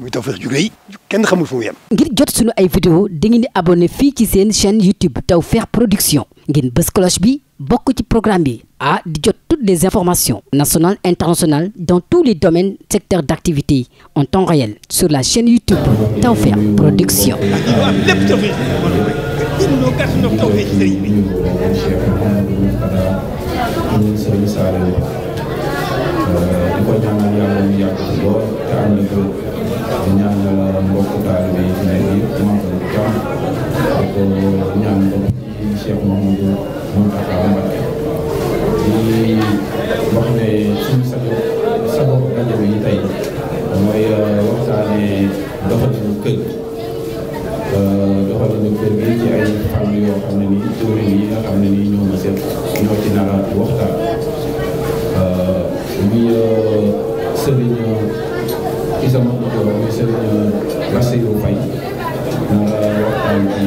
muy Tawfekh ju rëy ngir jot sunu ay vidéo dangeen di abonné fii ci seen chaîne YouTube Tawfekh Production ngeen bës cloche bi bokk ci programme bi ah di jot toutes les informations nationales internationales dans tous les domaines secteurs d'activité en temps réel sur la chaine YouTube Tawfekh Production. am na di ñaanal mbokk taalibe yi nekk yëpp magal bu baax ak wax ne suñu sabab sabab rajo bi tey mooy euh, waxtaane doxalinu kër euh, doxalinu kër gi ci ay fànn yoo xam ne nii tuuri yi nga ne nii ñoo ma ñoo ci nara waxtaan euh, muy sëriñ ci sama tutóor muy Serigne Bassirou Faye nar a waxtaan ci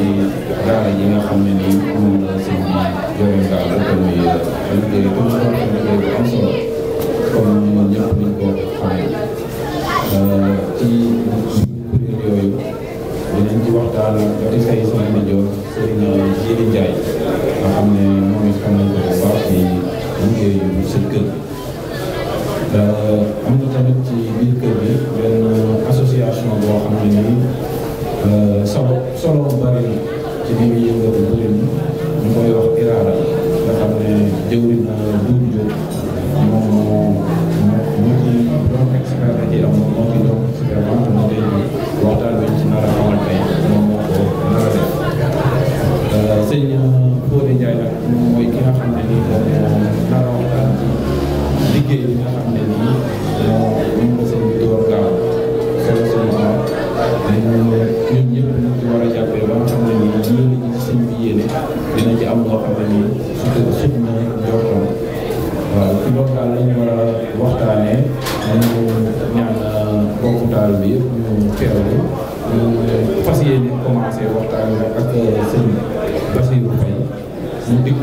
daara yi nga xam ne nii moom la sëñ bi yore ngaa la ko xamee euh, ci kuréel yooyu dinañ ci waxtaan nga xam ne moom it xam nañ ko bu baax ci liggéeyu kër euh, am na tamit ci biir kër bi solo bari na ci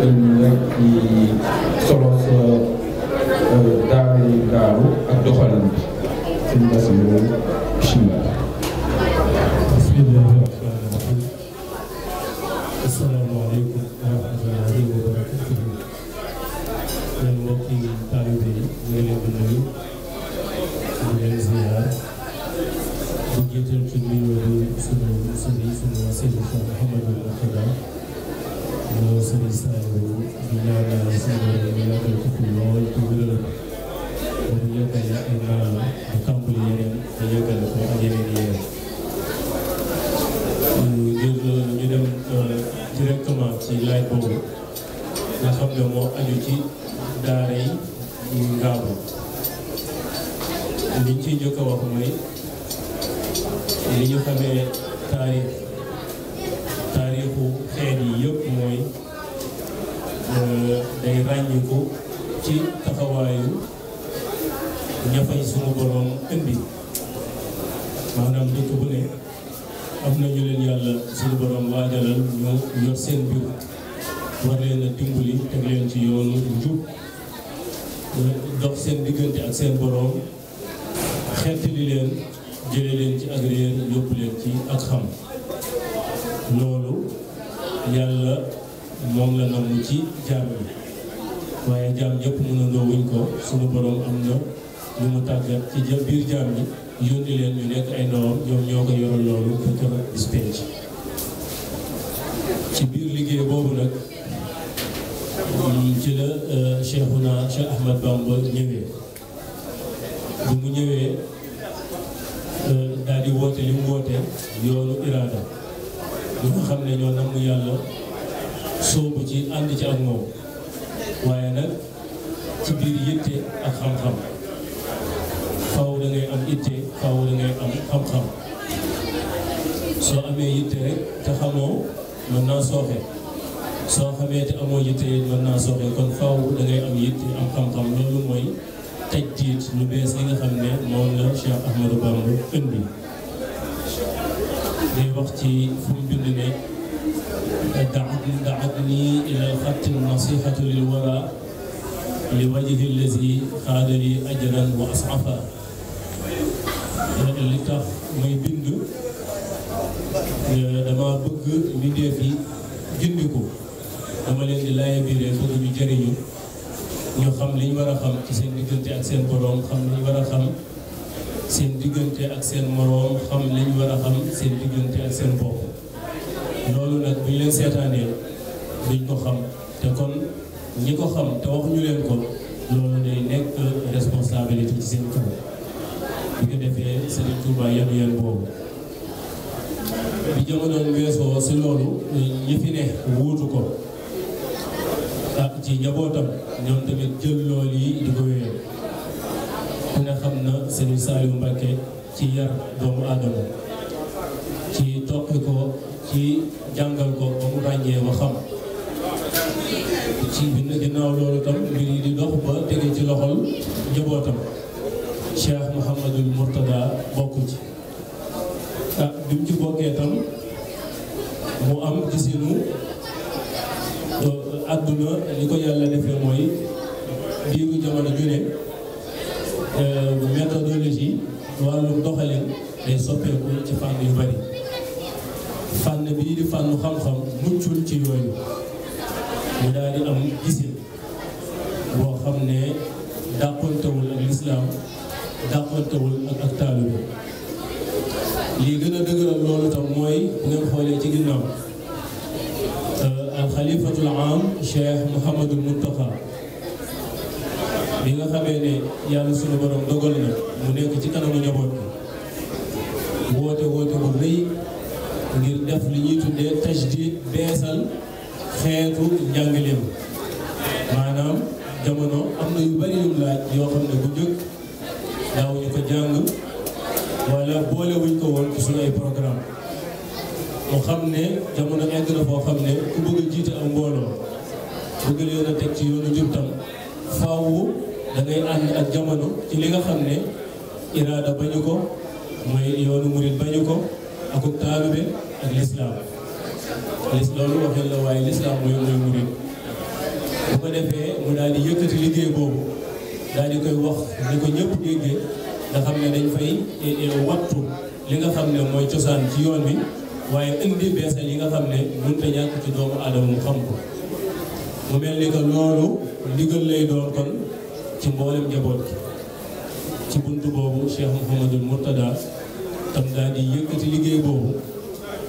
jigéen ñi solo sa daara yi daaru ak doxalin bi suñu basi moom bisimilah borom waajalal ñu yor seen biir war leen a dimbali teg leen ci yoonu njub dox seen diggante ak seen borom xettali leen jële leen ci ak réer yóbbu leen ci ak xam loolu yàlla moom la namm ci jaam yi waaye jaam yëpp mënandoo wuñ ko suñu borom am na ñu mu tàggat ci biir jaam yi yónni leen ñu nekk ay ndawam ñoom ñoo ko yoral loolu ba ca bis liggéey boobu nag mm, ci la euh, Cheikhouna Cheikh Ahmad Bamba ñëwee bu mu ñëwee euh, daal di woote li woote yoonu iraada ñu nga xam ne ñoo namm yàlla soobu ci ànd ci ak moom waaye nag ci biir yitte ak xam-xam am yitte faaw da ngay am xam soo amee yitte rek te xamoo mën naa sooxe soo xamee te amoo yitte mën naa sooxe kon faw da ngay am yitte am xam-xam loolu mooy tajdiid lu bees yi nga xam ne moom la Cheikh Ahmadou Bamba indi day wax ci fu bind ne daat nii ila xatti nasihatu lil wara li wajhi allazi xaada li ajran wa asafa li tax may bind dama bëgg mbindeef yi gindi ko dama leen di laaya biiree bëgg ñu jëriñu ñu xam li war a xam ci seen diggante ak seen boroom xam li war a xam seen diggante ak seen moroom xam li ñu war a xam seen diggante loolu nag bu ñu leen seetaanee duñ ko xam te kon ñi ko xam te waxuñu leen ko loolu day nekk responsabilité ci seen kaw bi ko defee Sëriñ Touba yenu yeen boobu bi jamono weesoo si loolu ñi fi ne wuutu ko ci njabootam ñoom tamit jël lool yi di ko wéyal xam na sëñ Saliou Mbacké ci yar doomu aadama ci toqi ko ci jàngal ko ba mu ràññee ba xam ci bind ginnaaw loolu tam mbir di dox ba tege ci loxol njabootam Cheikh Mouhamadul Mourtada bokk ci ah bi mu ci bokkee tam mu am gisinu àdduna li ko yàlla defee mooy diiru jamono ju ne euh, méthodologie wàllum day soppeeku ci fànn yu bari fànn bii di fànnu xam-xam muccul ci yooyu mu daal am gisin boo xam ne dàqantewul ak lislaam dàqantewul lii gën a dëgëral loolu tam mooy bu xoolee ci ginnaaw xalifatul am Cheikh Mouhamadul Mountakha bi nga xamee ne yàlla sunu borom dogal na mu nekk ci kanamu njaboot bi woote woote bu rëy ngir def li ñuy tuddee tajdid beesal xeetu njàngaleem maanaam jamono am na yu bari yu laaj yoo xam ne bu njëkk xam ne jamono egg na foo xam ne ku bëgg a jiite am mbooloo bëgg leen a teg ci yoonu jub tam faaw ànd ak jamono ci li nga xam ne iraada bañu ko mooy yoonu murit bañu ko akuk taalibe ak lislaam lis loolu la waaye lislaam mooy murit bu ko defee mu daal di yëkkati liggéey boobu daal di koy wax ni ko ñëpp déggee nga xam ne dañ fay eh, eh, wattu li nga xam ne mooy cosaan ci yoon bi waaye indi beesal yi nga xam ne mënut a ñàkk ci doomu aadama mu xam ko mu mel ni que loolu ndigal lay doon kon ci mboolem njaboot gi ci bunt boobu Cheikh Mouhamadul Mourtada tam daal di yëkkati liggéey boobu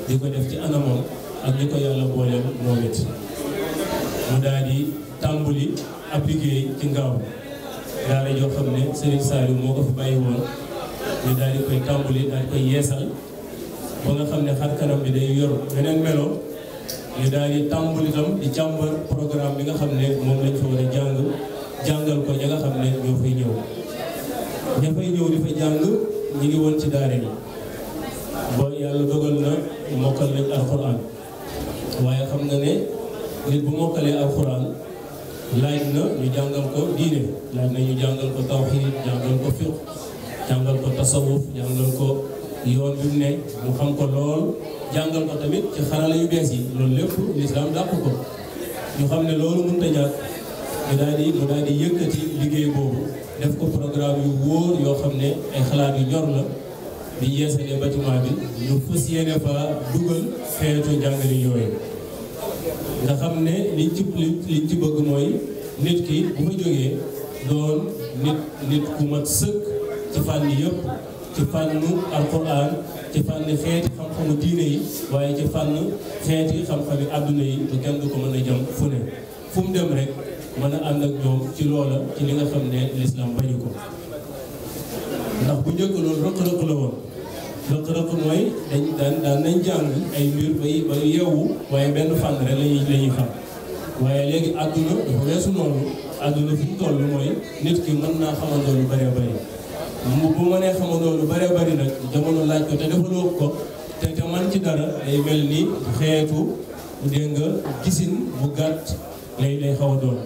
di ko def ci anamam ak ñi ko yàlla booleel moom it mu daal di tàmbali ab liggéey ci ngaaw daara joo xam ne Serigne Saliou moo ko fi bàyyi woon ñu daal di koy tàmbali daal koy yeesal ba nga xam ne xar bi day yor beneen melo ñu daal di tàmbali di càmbar programme bi nga xam ne moom lañ fa war a jàng jàngal ko ña nga xam ne ñoo fay ñëw ña fay ñëw di fa jàng ñi woon ci daara yi ba yàlla dogal na mokkal nañ nga ne nit bu na ñu jàngal ko diine laaj na ñu jàngal ko tawxiid jàngal ko fiq jàngal ko tasawuf jàngal ko yoon bi mu ne mu xam ko lool jàngal ko tamit ci xarala yu bees yi loolu lépp lislaam dàq ko ñu xam ne loolu mënut a mu daal yëkkati liggéey boobu def ko programme yu wóor yoo xam ne ay xalaat yu ñor la bi ñu yeesalee bâtiment bi ñu fas yéene fa dugal xeetu njàngale yooyu nga xam ne liñ ci bëgg mooy nit ki bu fa jógee doon nit ku mat sëkk ci fànn yëpp ci fànn alquran ci fànn xeeti xam-xamu diine yi waaye ci fànn xeeti xam-xami àdduna yi lu kenn du ko mën a jëm fu ne fu mu dem rek mën a ànd ak ñoom ci loola ci li nga xam ne lislaam bañu ko ndax bu njëkk loolu rëq-rëq mooy dañ daan daan jàng ay mbir bay ba yeewu waaye benn fànn rek lañuy la ñuy waaye léegi àdduna dafa weesu noonu àdduna fi mu toll mooy nit ki mën naa xamandoo lu bare bare mu bu ma nee xamandoo lu bëree bëri nag jamono laaj ko te defaloo ko te te man ci dara day mel ni xeetu dégg nga gisin bu gàtt lay lay xaw doon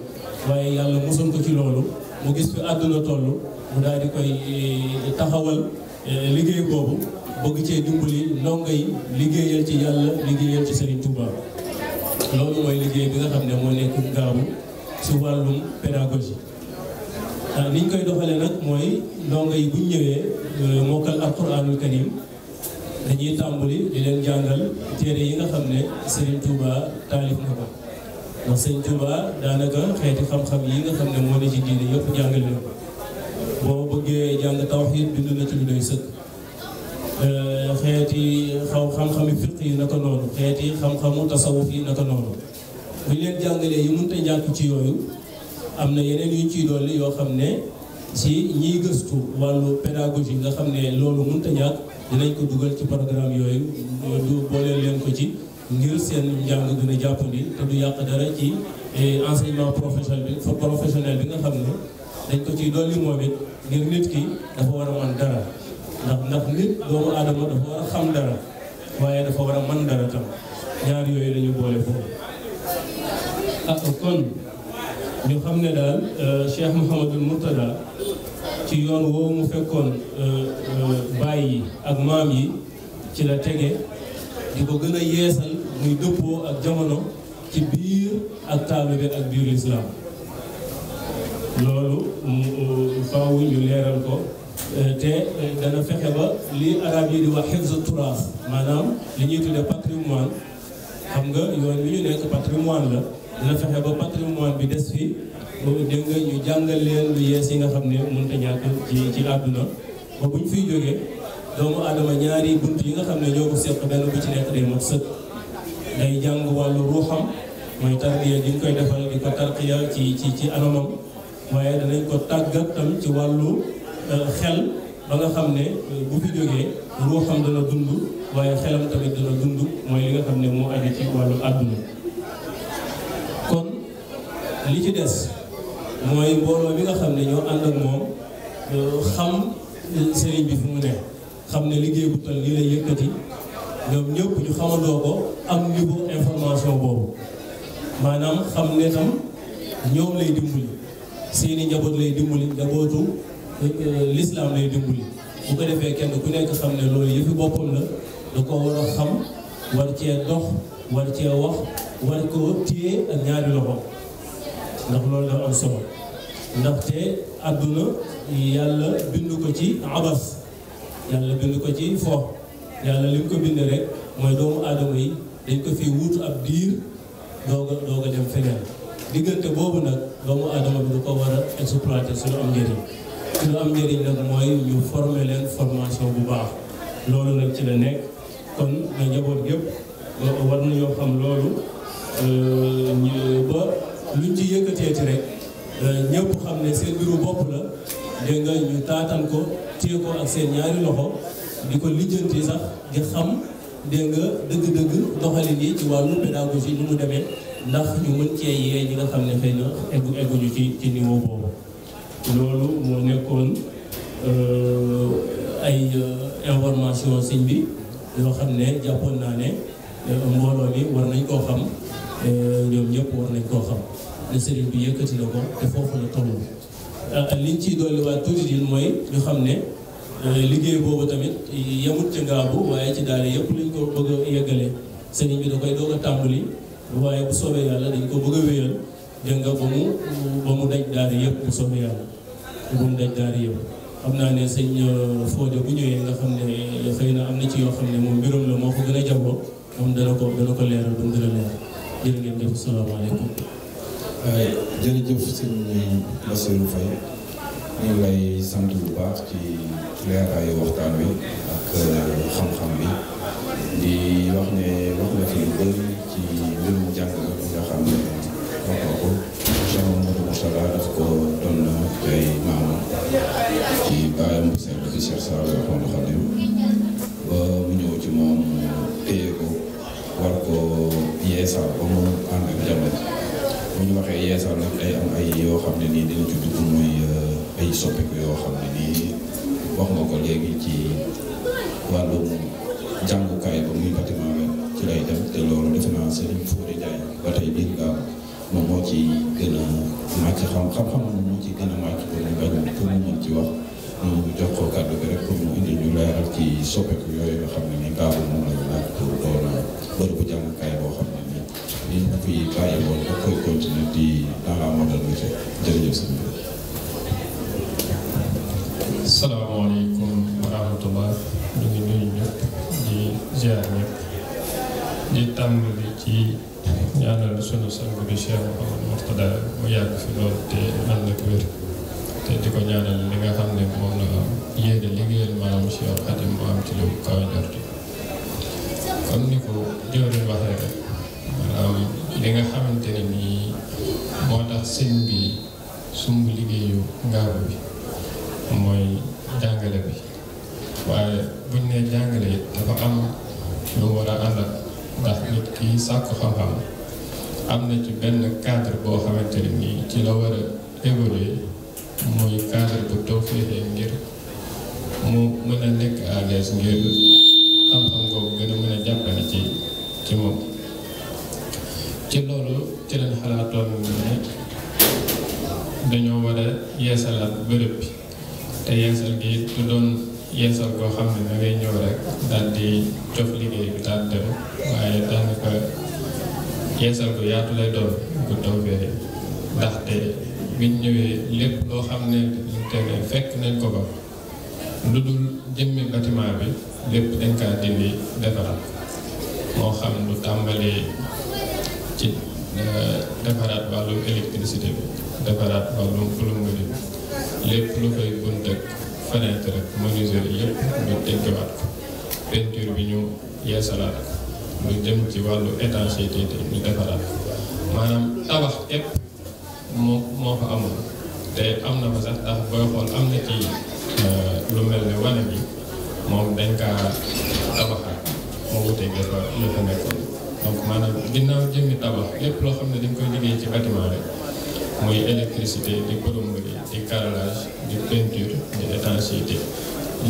waaye yàlla mosoon ko ci loolu mu gis fi àdduna toll mu daal koy eh, taxawal eh, liggéey boobu bëgg cee dimbali ndongo yi liggéeyal ci yàlla liggéeyal ci Serigne Touba loolu mooy liggéey bi nga xam ne moo nekk gaawu si wàllum pédagogie. Euh, ni ñu koy doxalee nag mooy ndongo yi bu ñu ñëwee euh, mokkal alquranul karim dañuy tàmbali di leen jàngal cére yi nga xam ne seen Touba taalif na ko ndax Serigne Touba daanaka xeeti xam-xam yi nga xam ne moo ne ci diine yëpp jàngal na ko boo bëggee jàng tawhid bind na ci lu doy sëkk. Euh, xeeti xaw xam-xami fiq yi naka noonu xeeti xam-xamu tasawuf yi naka noonu bu ñu leen jàngalee yi mënut a ñàkk ci yooyu. am na yeneen yu ci ciy yoo xam ne ci ñiy gëstu wàllu pédagogie nga xam ne loolu mënta ñàkk dinañ ko dugal ci programme yooyu du booleel leen ko ci ngir seen njàng gën a jàppandi te du yàq dara ci eh, enseignement professionnel bi professionnel bi nga xam ne dañ ko ciy dolli moom it ngir nit ki dafa war a mën dara ndax ndax nit doomu aadama dafa war a xam dara waaye dafa war a mën dara tam ñaar yooyu lañu boole foofu ah kon ñu xam ne daal euh, Cheikh Mouhamadul Mourtada ci yoon woowu mu fekkoon euh, euh, baay ak maam yi ci la tege di ko gën a yeesal muy dëppoo ak jamono ci biir ak taalibe ak biir lislaam loolu faaw ñu leeral ko te dana fexe ba li arab yi di wax xifzu turaas maanaam li ñuy tuddee patrimoine xam nga yoon wi ñu nekk patrimoine la dina fexe ba patrimoine bi des fi dégg nga ñu jàngal leen lu yees yi nga xam ne mënta ñàkk ci ci àdduna ba bu ñu fiy jógee doomu aadama ñaari bunt yi nga xam ne ñoo ko seq benn bu ci nekk day mat sëkk day jàng wàllu ruuxam mooy tarbiya di nga koy defal di ko tarqiya ci ci ci anamam waaye danañ ko tàggat tam ci wàllu euh, xel ba nga xam ne euh, bu fi jógee ruuxam dana dund waaye xelam tamit dana dund mooy li nga xam ne moo aju ci wàllu àdduna li ci des mooy mbooloo bi nga xam ne ñoo ànd ak moom xam sëriñ bi fu mu ne xam ne liggéey bu toll lii lay yëkkati ñoom ñëpp ñu xamandoo ko am niveau information boobu maanaam xam ne tam ñoom lay dimbali seeni njaboot lay dimbali njabootu euh, lislaam lay dimbali bu ko defee kenn ku nekk xam ne loolu yëfi boppam la da ko war a xam war cee dox war cee wax war ko téye ak ñaari loxo ndax loolu dafa am solo ndaxte àdduna yàlla bind ko ci abas yàlla bind ko ci fo yàlla li mu ko bind rek mooy doomu aadama yi dañ ko fi wuutu ab diir doog a doog a dem feneen diggante boobu nag doomu adama bi du ko war a exploiter suñu am njëriñ suñu am njëriñ nag mooy ñu former leen formation bu baax loolu nag ci la nekk kon na njaboot gépp war nañoo xam loolu euh, ba luñ ci yëkkatee ci rek euh, ñëpp xam ne seen mbiru bopp la dégg nga ñu taatal ko téye ko ak seen ñaari loxo di ko lijjanti sax di xam dégg nga dëgg-dëgg doxalin yi ci wàllu pédagogie ni mu demee ndax ñu mën cee yee ñi nga xam ne xëy na eggu egguñu ci ci niveau loolu moo nekkoon euh, ay euh, information sëñ bi yoo xam ne jàppoon naa ne mbooloo mi war nañ koo xam ñoom ñëpp war nañ koo xam. li sëriñ bi yëkkati na ko te foofu la toll. Euh, liñ ci dolliwaat tuuti di mooy ñu xam ne euh, liggéey boobu tamit yemut ci ngaabu waaye ci daara yëpp lañ ko bëgg a yeggale sëriñ bi da koy doog a tàmbali waaye bu soobee yàlla dañ ko bëgg a wéyal dégg nga ba mu ba mu daj daara yëpp bu soobee yàlla ba xam naa ne sëñ euh, Fodé bu ñëwee nga xam ne xëy na am na ci yoo xam ne moom mbirum la moo ko gën a jagoo moom dana ko dana ko leeral ba mu gën leeral jërë ngeen jëf salaamaaleykum. Euh, jërëjëf sëñ Bassirou Faye ñu ngi lay sant bu baax ci leeraayu waxtaan wi ak euh, xam-xam bi di wax ne wax na fi lu ci mbirum jàng nga xam ne wax na ko Cheikh Mamadou Moustapha daf ko doon na ay maamam ci baayam bu sell bi Cheikh Saliou Ahmadou ñëw ci moom téye ko war ko yeesal ba mu mu ñu waxee yeesal nag am ay yoo xam ne nii dina ci dugg muy euh, ay soppiku yoo xam ne nii wax nga ko léegi ci wàllum ci lay dem te loolu defe naa Serigne Fodé Ndiaye ba tey biir gaaw moom moo ci gën a màcc xam xam-xam moo ci gën a màcc pour ñu ci wax ñu jox ko kàddu bi rek pour mu indi ñu leeral ci soppiku yooyu nga xam ne nii gaaw moom la ñu laaj pour doon euh, bërëbu jàngukaay boo xam ni ñu fi bàyyi woon nga continuer di dans la modernité jërëjëf sëñ bi. salaamaaleykum wa rahmatullah ñu ngi nuyu ñëpp di ziar ñëpp di tàmbali ci ñaanal sunu sang bi Cheikh Mouhamad Mourtada mu yàgg fi lool te ànd ak ko ñaanal li nga mu am ci lu kaw njort comme ni ko jëwriñ waxee li nga xamante ni nii moo tax sëñ bi sumb liggéeyu ngaabu bi mooy jàngale bi waaye buñ ne jàngale dafa am lu war a àndal ndax nit ki sàkku xam-xam am na ci benn cadre boo xamante ne ci la war a évoluer muy cadre bu taw féexee ngir mu mën a nekk à ngir xam-xam boobu gën a mën a jàppale ci ci moom yeesalaat bërëb bi te yeesal gi du doon yeesal koo xam ne da ngay ñëw rek daal di jof liggéey bi daal dem waaye daanaka yeesal gu yaatu lay doon bu toogee ndaxte biñ ñëwee lépp loo xam ne te ne fekk nañ ko ba lu dul jëmmi bâtiment bi lépp dañ kaa defaraat moo xam lu tàmbali ci euh, defaraat wàllum électricité bi defaraat wàllum plomb lépp lu koy bunt fenêtre rek menuiserie yëpp ñu tëggiwaat ko peinture bi ñu yeesalaat ko lu jëm ci wàllu étanchéité ñu defaraat ko maanaam tabax képp moo moo fa amoon te am na fa sax ndax booy xool am na ci euh, lu mel ne wane bi moom dañ kaa tabaxaat moo wutee nga fa lu fa nekkoon donc maanaam ginnaaw jëmmi tabax lépp loo xam ne dañ koy liggéey ci bâtiment rek muy électricité di plomberie di carrelage di peinture di étanchéité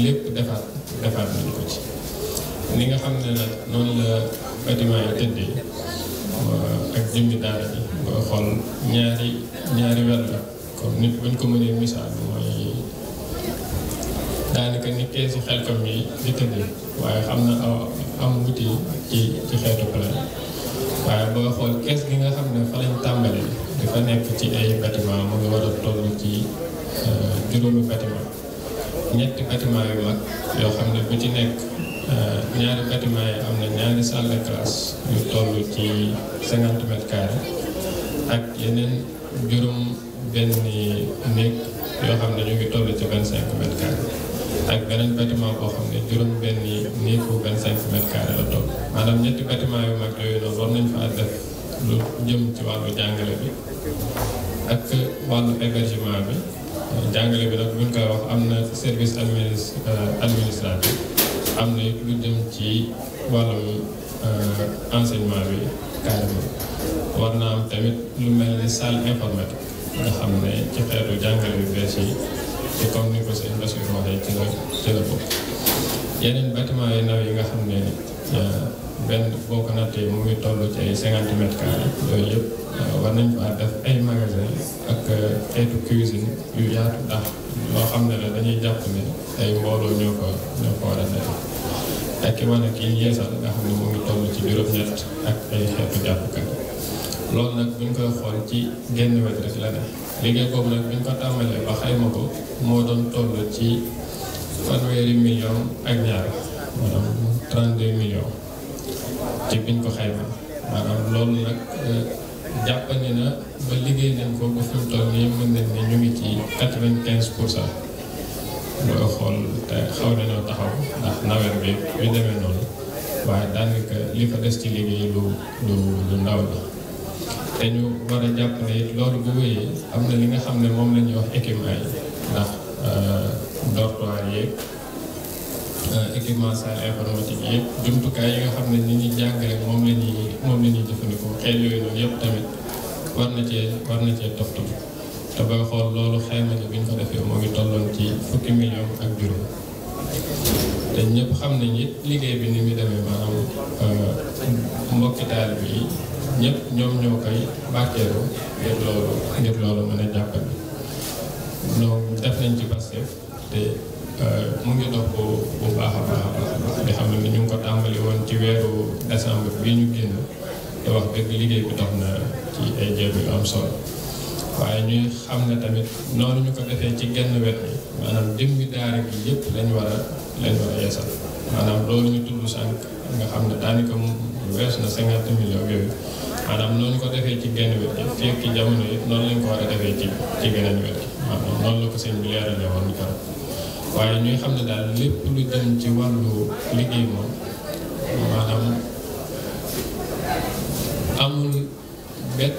lépp defaat defaat nañ ko ci. ni nga xam ne nag noonu la bâtiment yi tëddee ak jëmmi daara ji booy xool ñaari ñaari wer la comme nit buñ ko mënee misaal daanaka ni keesu xelkom yi di tëddee waaye xam na aw am wuti ci xeetu plan waaye booy xool kees gi nga xam ne fa lañ tàmbalee. dafa nekk ci ay bâtiment mu ngi war a ci euh, juróomi bâtiment ñetti bâtiment yu mag yoo ci nekk euh, ñaari bâtiment yi am na ñaari salle de classe yu ci cinquante mètres ak yeneen juróom benn xam ne ñu ngi toll ci vingt cinq mètres carrés ak beneen bâtiment yooyu noonu war nañ fa def lu jëm ci wàllu jàngale bi ak wàllu hébergement bi jàngale bi nag buñ koy wax am na service euh, administratif am na lu jëm ci wàllum euh, enseignement bi carrément war naa am tamit lu mel ni salle informatique nga xam ne comme ni ko sëñ Bassirou waxee ci la ci la bokk yeneen bâtiment yu ndaw yi nga xam ne euh, benn boo ko nattee mu ngi toll ci ay cinquante mètres carrés yooyu yëpp euh, war nañ faa def ay magasin ak euh, xeetu cuisine yu yaatu ndax loo xam ne la dañuy jàpp ne ay mbooloo ñoo ko ñoo ko war a def ak ki wane kii yeesal nga xam ne mu ngi toll ci juróom-ñett ak ay xeetu jàppkat loolu nag buñ koy xool ci genn wet rek la ne liggéey boobu nag buñ ko tàmbalee ba xayma ko moo doon toll ci fanweeri million ak ñaar maanaam 32 millions ci biñ ko xayma maanaam loolu nag euh, jàppandi na ba liggéey nañ ko ba fi mu toll nii ñu ngi ci quatre vingt quinze pour cent boo xool te xaw nañoo taxaw ndax nawet bi bi demee noonu waaye daanaka li fa des ci liggéey lu lu lu ndaw la te ñu war jàpp ne loolu bu wéyee am na li nga xam ne moom la ñuy wax équipement yi ndax euh, dortoir yeeg. Euh, équipement salle informatique yëpp jumtukaay yi nga xam ne ni ñuy jàng rek moom la ñuy moom la jëfandikoo xeet yooyu noonu yëpp tamit war na cee war na cee topp te booy xool loolu xayma ni bi ñu ko defee moo ngi tolloon ci fukki million ak juróom te ñëpp xam nañ it liggéey bi ni muy demee maanaam euh, mbokki taal bi ñëpp ñoom ñoo koy barkeelu ngir loolu ngir loolu mën a jàppale donc def nañ ci Pastef te. mu ngi dox bu bu nga xam ne ñu ngi ko tàmbali woon ci weeru décembre bi ñu génn te wax dëgg liggéey bi dox na ci ay jéego yu am solo waaye ñuy xam ne tamit noonu ñu ko defee ci genn wet bi maanaam jëmmi daara bi yëpp lañ war a lañ war mu wees na cinquante millions yooyu maanaam ko defee ci genn wet gi jamono yi noonu lañ ko war a defee ci ci geneen wet gi noonu la ko sëñ bi leerale woon ñu waaye ñuy xam ne daal lépp lu jëm ci wàllu liggéey moom maanaam amul bet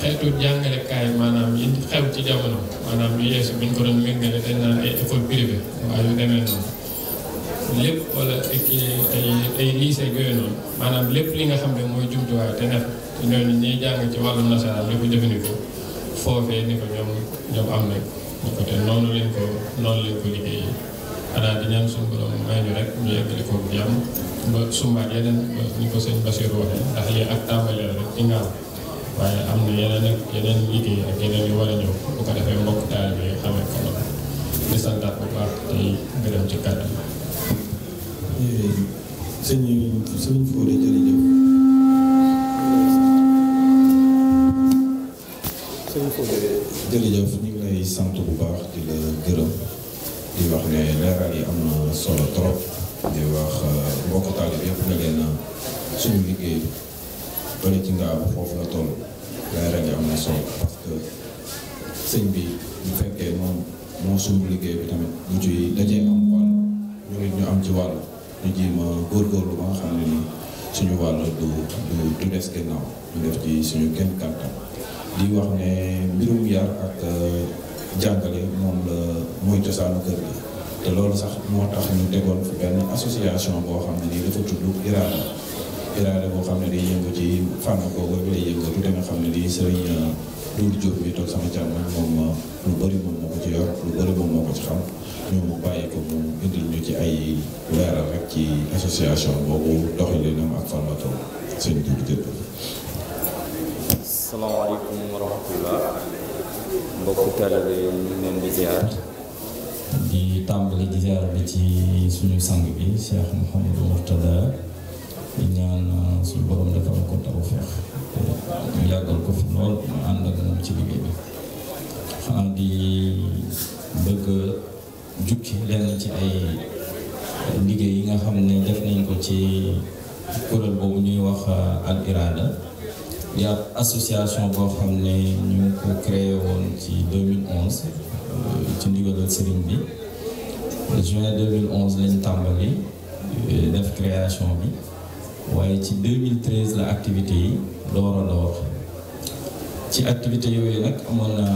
xeetu jàngalekaay maanaam yi xew ci jamono maanaam yu yeesu bi ñu ko doon méngale dañ naan ay école privée waaye yu demee noonu lépp wala kii ay ay lycée yooyu noonu maanaam lépp li nga xam ne mooy jumtuwaay te nekk ñooñu ñuy jàng ci wàllu nasaraan li ko jëfandikoo foofee ni ko ñoom ñoom am nañ ko te noonu lañ ko noonu lañ ko liggéeyee xanaa di ñaan suñu may ñu rek ñu yeggali ko bu sumbaat yeneen ni ko sëñ Basiir waxee ndax lii ak tàmbali rek ci ngaaw waaye am na yeneen liggéey ak yeneen yu war a ñëw bu ko defee mbokk taal bi xamee ko noonu di santaat bu baax tey sant bu baax di gërëm di wax ne leeral yi am na solo trop di wax euh, mbokk taalib yëpp euh, liggéey bëri ci foofu la toll parce que sëñ bi bu fekkee moom moo suñu liggéey bi tamit bu ci dajee am wàll ñu ngi ñu am ci wàll ñu góor a góorgóorlu ba nga xam ne nii suñu wàll du du du des gannaaw ñu def ci suñu kenn kàttan di wax ne mbirum yar ak euh, jàngale moom la mooy cosaanu kër gi te loolu sax moo tax ñu tegoon fi benn association boo xam ne nii dafa tudd Iraada boo xam ne day yëngu ci fànn googu rek lay yëngatu te nga xam ne nii sëriñ euh, Doudou Diop mi sama càmmoñ moom euh, lu bëri moom moo ko ci yor lu bëri moom moo ko ci xam ñu bàyyi ko mu indil ñu ci ay leeral rek ci association boobu doxalinam ak formato sëñ Doudou Diop. salaamaaleykum wa rahmatulah. mbokku taalibe yi ñu ngi di ziar. di tàmbali di ziar bi ci suñu sang bi Cheikh Mouhamadou Mourtada di ñaan uh, suñu borom defal ko tawfeex mu yàggal ko fi lool mu ànd ak moom ci liggéey bi. xanaa di bëgg jukki lenn ci ay liggéey yi nga xam ne def nañ ko ci kuréel boobu ñuy wax uh, Al Irada. y a association boo xam ne ñu ngi ko créé woon ci 2011 euh, ci ndigalal sëriñ bi juin 2011 tàmbali euh, def création bi waaye ci 2013 la activité yi door a door ci activité yooyu nag amoon na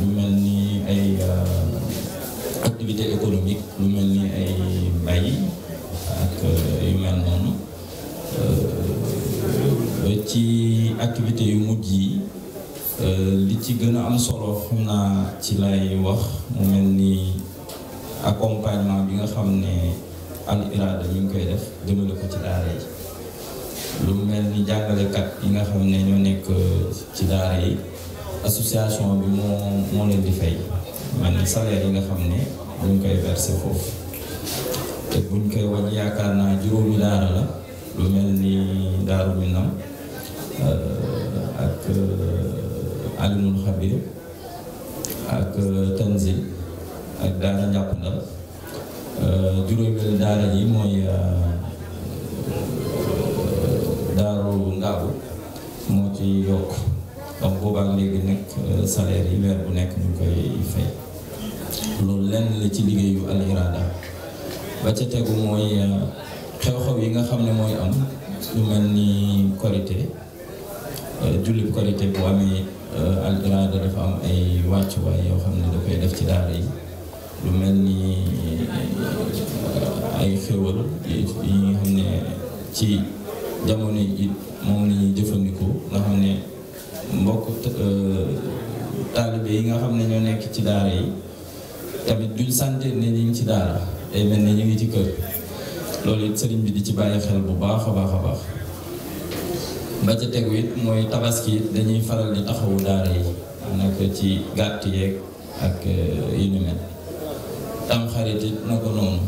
lu mel ni ay euh, activité économique lu mel ni ay mbay ak yu mel noonu ci activité yu mujj yi euh, li ci gën a am solo xam naa ci lay wax mu mel nii accompagnement bi nga xam ne al irada mi koy def jëmale ko ci daara yi lu mel ni jàngalekat yi nga xam ne ñoo nekk ci daara yi association bi moo moo leen di fay mel ni salaire yi nga xam ne bu ngi koy verser foofu te buñ koy wàññi yaakaar naa juróomi daara la lu mel ni daaru mi nam Euh, ak euh, alimul xabir ak euh, tanzil ak daara njàppandal juróomeelu daara ji mooy daaru ngaabu moo ci yokk donc boobaak léegi nekk salaire yi weer bu nekk ñu koy fay loolu lenn la ci liggéeyu al irada ba ca tegu mooy xew-xew yi nga xam ne mooy am lu mel ni korité Euh, julli korité bu amee euh, algrada dafa am ay wàccuwaay yoo xam ne dafay koy def ci daal yi lu mel ni euh, ay xéwal yi nga xam ne ci jamono ji moom la jëfandikoo nga xam ne mbokk taalibe yi nga xam ne ñoo nekk ci daara yi tamit duñ sante ne ñu ngi ci daara day mel ne ñu ngi ci kër loolu it sëriñ bi di ci bàyyi xel bu baax a baax a baax ba ca tegu it mooy tabaski dañuy faral di taxawu daara yi nag ci gàtt yeeg ak eh, yu ni mel tam xarit it na ko noonu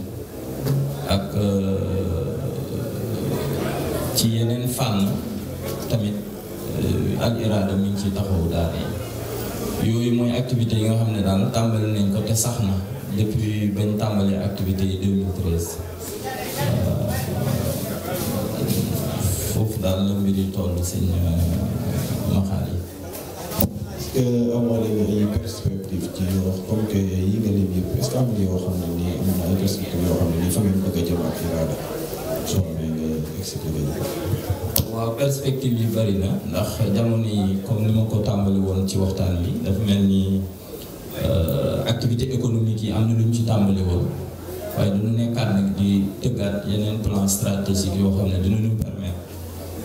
ak eh, ci yeneen fànn tamit eh, ak iraada mi ngi ci taxawu daara yi yooyu mooy activités yi nga xam ne daal tàmbali nañ ko te sax na depuis bañ tàmbalee activités yi daal la mbir yi toll sëñ Maxaar euh, yi. est-ce que amoon nañu ay ci yoo xam ne nii am na yoo xam ne nii fa ngeen a jëm yi bari na ndax jamono yi ni ma ko tàmbali woon ci waxtaan bi dafa mel ni euh, activité économique yi am na lu ñu ci tàmbali woon waaye dina nekkaat nag di tëggaat yeneen plan stratégique yoo xam ne dina ñu permettre.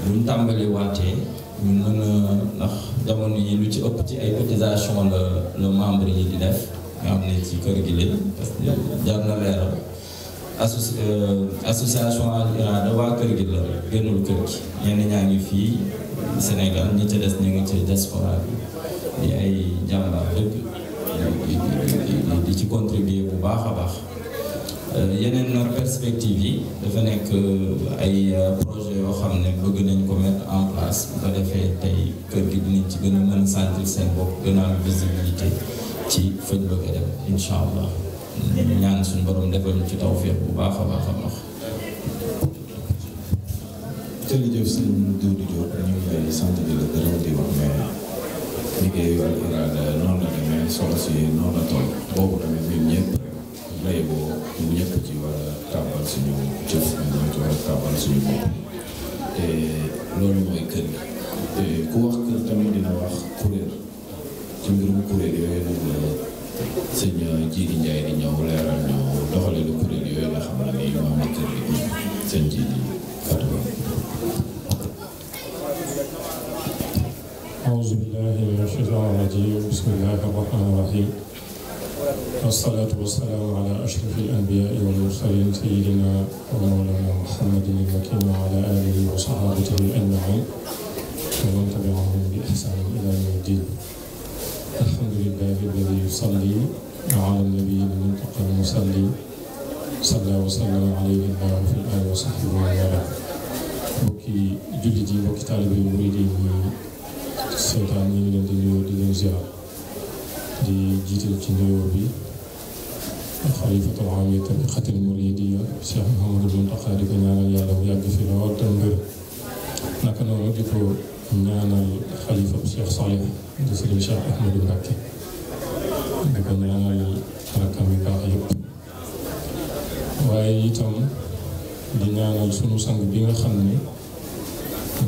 buñ tàmbali waatee ñu mën a ndax jamono yi lu ci ëpp ci ay cotisation la le membre yi di def nga xam ne ci kër gi lañ parce que jar euh, association Al Irada kër gi la génnul kër gi ñenn ñaa ngi fii Sénégal ñi ca des ñu ngi ci diaspora bi ay jàmbaar dëgg di ci contribuer bu baax a baax Euh, yeneen perspective yi dafa nekk euh, ay euh, projet yoo xam ne bëgg nañ ko mettre en place bu defee tey kër gi dinañ ci gën a mën a sentir seen bopp gën a am ci fañ bëgg a dem incha allah ñaan suñu borom defal ñu bu baax a demee soxla noonu la toll boobu tamit ñun ñëpp. lay boo ñëpp ci war a tàmbal suñu jëf ñoo ci war a tàmbal suñu bopp te loolu mooy kër gi te ku wax kër tamit dina wax kuréel ci mbirum kuréel yooyu nag la sëñ Jiidi Njaay di ñëw leeral ñu doxaleelu kuréel yooyu nga xam ne nii moo am kër gi sëñ Jiidi Fatou أعوذ wasalaatu wasalaamu ala ashraf alanbiyaai walmursalin sayidina wa mawlana muhammadin almakin wa ala alihi wa sahabatihi ajmain wa man tabiahum bi ihsanin ila yawmi ddin alhamdulilahi alladi yusalli ala nabiyi almuntaqa almusalli salla wa sallama alayhi llahu fi lali wa sahbihi wa man wala bokki jullit yi bokki taalibe yi murid yi ñuy seetaan ñu ngi leen di nuyoo di leen ziar di jiital ci nuyoo bi alxalifatu am yi tarixatil muriidiyya Cheikh Mouhamadou Mountakha di ko ñaanal yàlla mu yàgg fi lool te mbir naka noonu di ko ñaanal xalifa Cheikh Salih di Sëriñ di ko ñaanal rakkam yu baax waaye itam di ñaanal sunu sang bi nga xam ne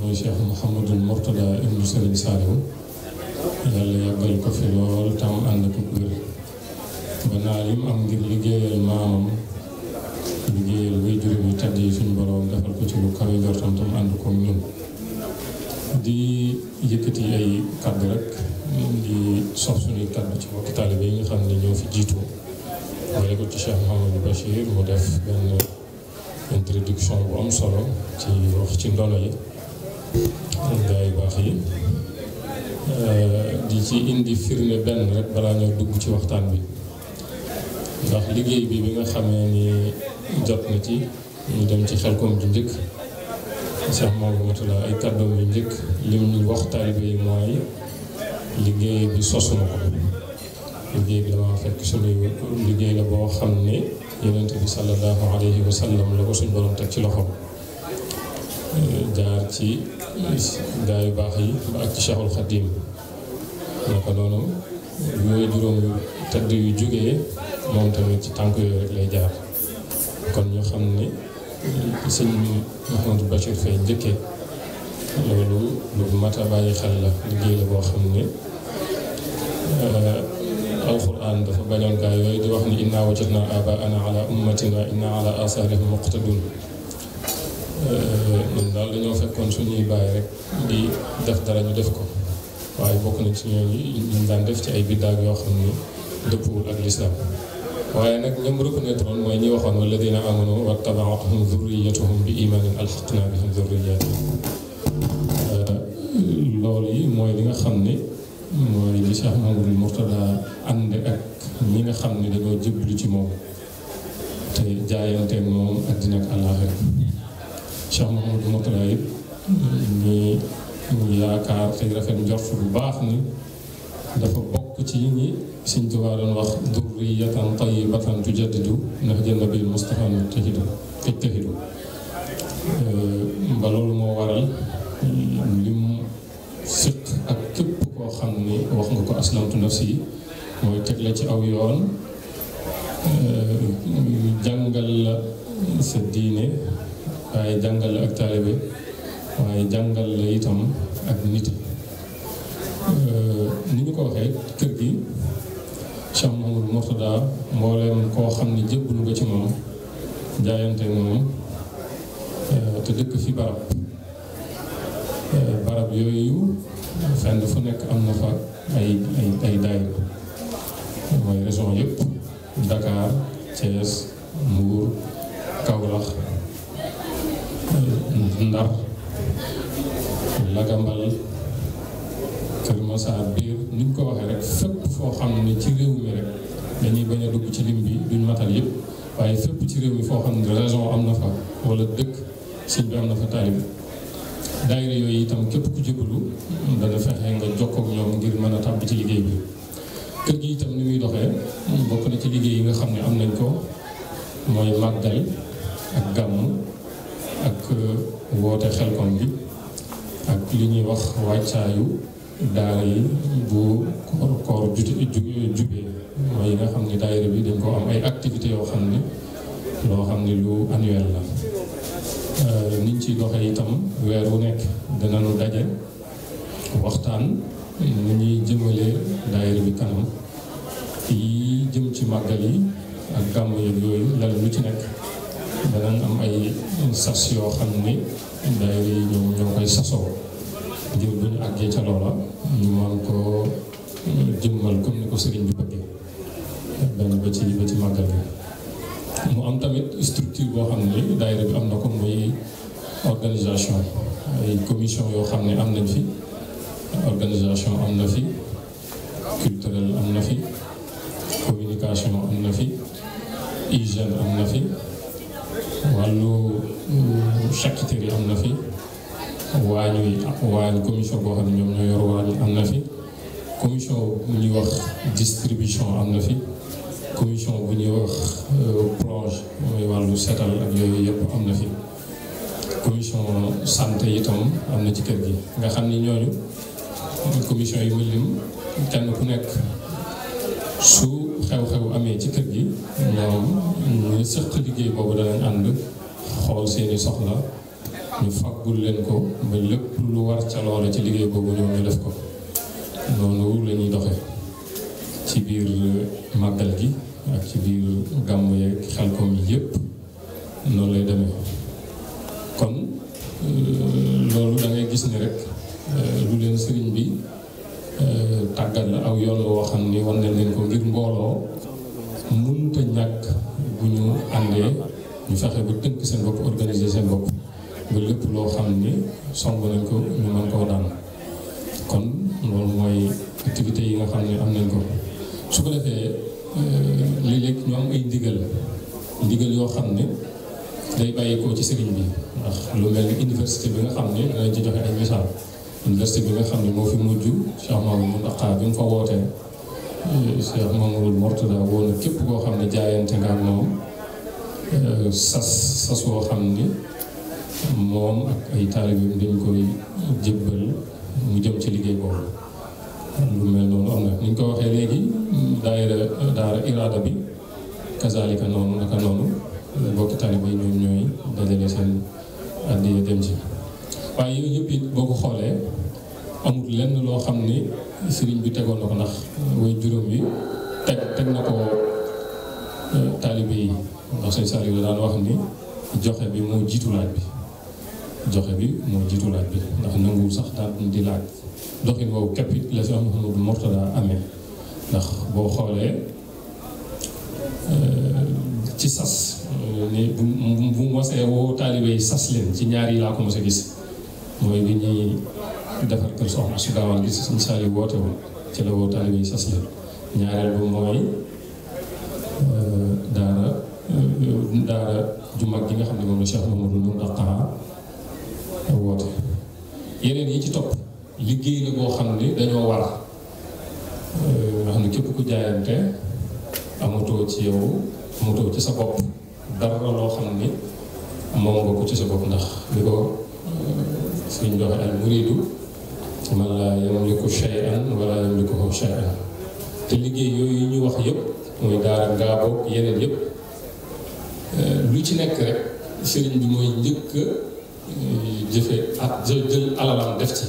mooy Cheikh Mouhamadou Mourtada ibnu Sëriñ Saliou yàlla yàggal ko fi lool tam ànd ko wér ba naa lim am ngir liggéeyal maamam liggéeyal way juróom yi tedd yi suñu borom defal ko ci lu kawe njortam tam ànd koog ñun di yëkkati ay kàddu rek ci mbokki taalibe yi nga xam ne ñoo fi jiitu wala ko ci Cheikh Mouhamadou Bachir mu def benn introduction bu am solo ci wax ci ndono yi gaa baax yi di ci indi firnde benn rek balaa ñoo dugg ci waxtaan bi ndax liggéey bi bi nga xamee ni jot na ci ñu dem ci xelkom ju njëkk sax Maodo Matula ay kàddoom yu njëkk lim ñu wax taalibe yi mooy liggéey bi sosu ko liggéey bi dama fekk suñuy liggéey la boo xam ne yonent bi sallallahu alayhi wa la ko suñ borom ci loxo jaar ci gaa yu baax yi ba ak ci Cheikhul Khadim naka noonu yooyu juróom tëdd yu jógee moom tamit ci tànk yooyu rek lay jaar kon ñu xam ne sëñ Mouhamadou Bachir Faye njëkkee loolu lu mat bàyyi xel la liggéey la boo xam ne euh, alquran dafa bañoon gaa yooyu di wax ni inna wajadna abaana ala ummatin wa inna ala asarihim muqtadun euh, ñun daal dañoo fekkoon suñuy bàyyi rek di def dara ñu def ko waaye bokk nañ ci ñooñu ñu daan def ci ay biddaag yoo xam ne dëppwul ak lislaam waaye nag ñoom reconnaître woon mooy ñi a walladina amanu wattabaatuhum zurriyatuhum bi imanin alxaqna bihim zurriyatahum loolu yi mooy nga xam ni mooy li Cheikh Mamadou Mourtada ànd ak ñi nga dañoo jëblu ci moom te jaayanteeg moom àddina ak àllaaxira Cheikh Mamadou Mourtada yëpp ñi yaakaar te rafet njort bu baax ni dafa ci yi ñi Sëñ Tuubaa doon wax durriyatan tayyibatan tujaddidu nahja nabil Mustafa mujtahidu tejtahidu ba loolu moo waral lim siq ak képp koo xam ni wax nga ko aslamtu nafsi mooy teg la ci aw yoon eh, jàngal la sa diine waaye jàngal la ak taalibe waaye jàngal la itam ak nit Euh, ni ñu ko waxee kër gi Cheikh Mouhamadou Mourtada mbooleem koo xam ne jébbalu nga ci moom jaayante moom euh, te dëkk fi barab euh, barab yooyu fenn fu nekk am na fa ay ay ay daayira mooy yëpp Dakar Thiès Mbour Kaolack Ndar Lagambal Massar biir ni ko waxee rek fépp foo xam ne ci réew mi rek dañuy bañ a dugg ci lim bi duñ matal yëpp waaye fépp ci réew mi foo xam ne région am na fa wala dëkk sëñ bi am na fa taalibe daayira yooyu itam képp ku jébbalu dana fexe nga jokkoo ak ñoom ngir mën a tàbb ci liggéey bi kër gi itam ni muy doxe bokk na ci liggéey yi nga xam ne am nañ ko mooy màggal ak gàmmu ak woote xelkom bi ak li ñuy wax wàccaayu daara yi bu koor jute jubee mooy yi nga xam ne daayira bi dañ koo am ay activité yoo xam ni loo xam ne lu annuel la euh, niñ ci doxee itam weer wu nekk danañu daje waxtaan ni ñuy jëmalee daayira bi kanam yi jëm ci màggal yi ak gàmm yi yooyu lu ci nekk danañ am ay sas yoo xam ne daayira ñoo ñoo koy sasoo ngir bu ñu àggee ca loola ñu man ko jëmmal comme ni ko sëriñ bi bëggee benn ba ci ba ci màggal gi mu am tamit structure boo xam ne daayira am na ko muy organisation ay commission yoo xam ne am nañ fi organisation am na fi culturel am na fi communication am na fi hygiène am na fi wàllu euh, charcuterie am na fi waañ wi ak waañ commission boo xam ne ñoom ñoo yor waañ am na fi commission bu ñuy wax distribution am na fi commission bu ñuy wax euh, plonge mooy wàllu setal ak yooyu yëpp am na fi commission santé itam am na ci kër gi nga xam ni ñooñu commission yi mu lim kenn ku nekk su xew-xew amee ci kër gi ñoom ñu sëq liggéey boobu danañ ànd xool seeni soxla ñu faggul leen ko ba lépp lu war ca loola ci liggéey boobu ñoom ñu def ko noonu la ñuy doxe ci biir màggal gi ak ci biir gàmm yeeg xelkom yi yépp noonu lay demee kon euh, loolu da gis ni rek euh, lu leen sëriñ bi euh, tàggat la aw yoon woo xam ni wan na leen ko ngir mbooloo mënta ñàkk bu ñu àndee ñu fexe ba tënk seen bopp organiser seen bopp ba lépp loo xam ni song nañ ko ñu mën kon loolu mooy activités yi nga xam ne am nañ su ko defee euh, léeg-léeg ñu am ay ndigal ndigal yoo xam ne day bàyyikoo ci sëriñ bi ndax lu mel ni université bi nga xam ne danañ ci joxe bi nga xam ne moo fi mujj mu Mamadou Mountakha bi mu fa wootee euh, Cheikh Mamadou Mourtada woon képp koo xam ne jaayante nga ak moom euh, sas sas woo xam ni moom ak ay taalibeem dañ koy jébbal mu jëm ci liggéey boobu lu mel noonu am na ni ko waxee léegi daayira daara iraada bi kazalika noonu naka noonu bokki taalibe yi ñooy dajale seen àddiya dem ci waaye yooyu yëpp boo ko xoolee amul lenn loo xam ni sëriñ bi tegoon na ko ndax way juróom yi teg teg na ko eh, taalibe yi ndax sëñ Saliou daan wax ni joxe bi moo jiitu laaj bi joxe bi moo jiitu bi ndax nanguwul sax daal di laaj doxin woowu képp it la si am Mouhamadou Mourtada amee ndax boo xoolee euh, ci sas euh, ni bu bu mosee woo taalibe yi sas leen ci ñaar yi laa ko mos a gis mooy bi ñuy defar kër soxna su gaawaan gis suñ saali woote ci la woo taalibe yi sas leen ñaareel bu mooy euh, daara daara ju mag gi nga xam ne moom la Cheikh Mamadou Mourtada woote yeneen yi ci topp liggéey la boo xam ni dañoo war euh, nga xam ne képp ku jaayante amatoo ci yow amatoo ci sa bopp dara loo xam ni moom nga ko ci sa bopp ndax li ko euh, suñ joxe al muridu man laa yamliku shay'an wala yamlikuhu shay'an te liggéey yooyu ñu wax yëpp mooy daara ngaa boog yeneen yëpp euh, lu ci nekk rek bi mooy njëkk jëfe ak ah, jël jël alalam def ci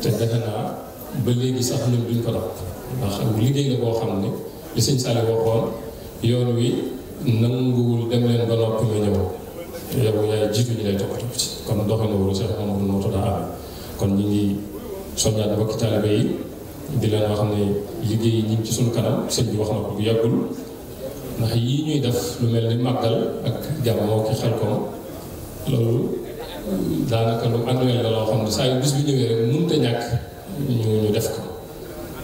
te defe naa ba léegi sax ñun duñ ko dox liggéey la boo xam ne li sëñ Saliou waxoon yoon wi nanguwul dem leen ba noppi nga ñëw yow yaay jiitu ñu lay toppatoo ci kon doxal na wala Cheikh Mamadou Noto kon ñu ngi di leen wax ne ñu ci suñu kanam sëñ bi wax na ko bu yàggul ndax yii ñuy def lu mel ni màggal ak jàmm moo ki xel koom loolu. daanaka lu annuel la loo xam saa yu bis bu ñëwee rek mënut a ñàkk ñu ñu def ko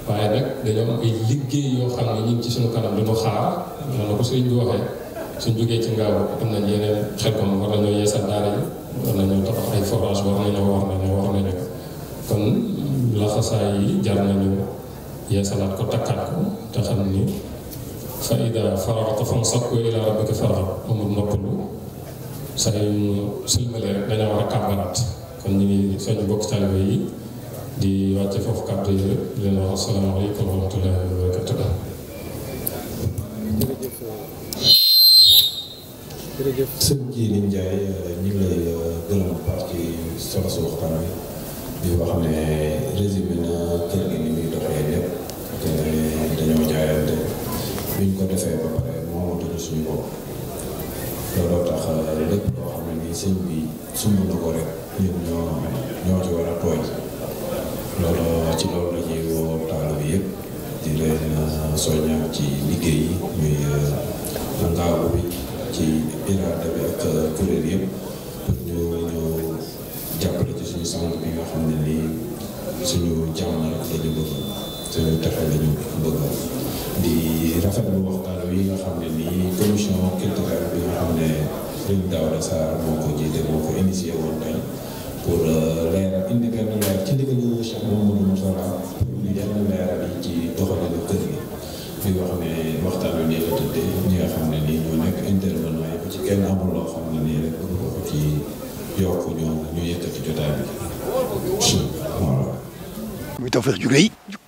waaye nag dañoo am ay liggéey yoo xam ne ñu ngi ci suñu kanam du ñu jógee ci ngaaw am nañ yeneen xel comme war nañoo yeesal daara yi war nañoo tabax ay forage war nañoo war nañoo war nañu kon laxasaay yi jar nañu yeesalaat ko takkaat ko te xam ni fa ida faraxta fansab wa ila rabbika farxab amul noppalu sa yu ñu sëlmalee rek dañoo war a kàmbaraat kon ñu ngi soññ bokk taalibe yi di wàcce foofu kàddu yi di leen wax asalaamaaleykum wa rahmatullahi wa barakatuh jërëjëf looloo tax euh, lépp loo xam ne nii sëñ bi sumb na ko rek ñun ñoo ci war a tooy loolu ci loolu la ñuy woo taalibe yëpp di leen euh, soññaat ci liggéey yi ñuy nangaawu euh, bi ci iraada bi ak kuréel yëpp pour ñu ñu jàppale ci suñu sang bi nga xam ne nii suñu jàmm rek la ñu suñu texe la ñu bëgg. di rafetlu waxtaan wi nga xam ne nii commission culturelle bi nga xam ne Sëriñ Daouda Sarr moo ko jiite moo ko initié woon tey pour euh, leeral indi benn leer ci liggéeyu Cheikh Mamadou yi fi wax ne waxtaan wi nii tëddee ñi nga xam ne nii ñoo nekk intervenant yi ci kenn amul xam ne nii rek bëgg ko ci yokk ñoo ñu yëkkati jotaay bi. voilà.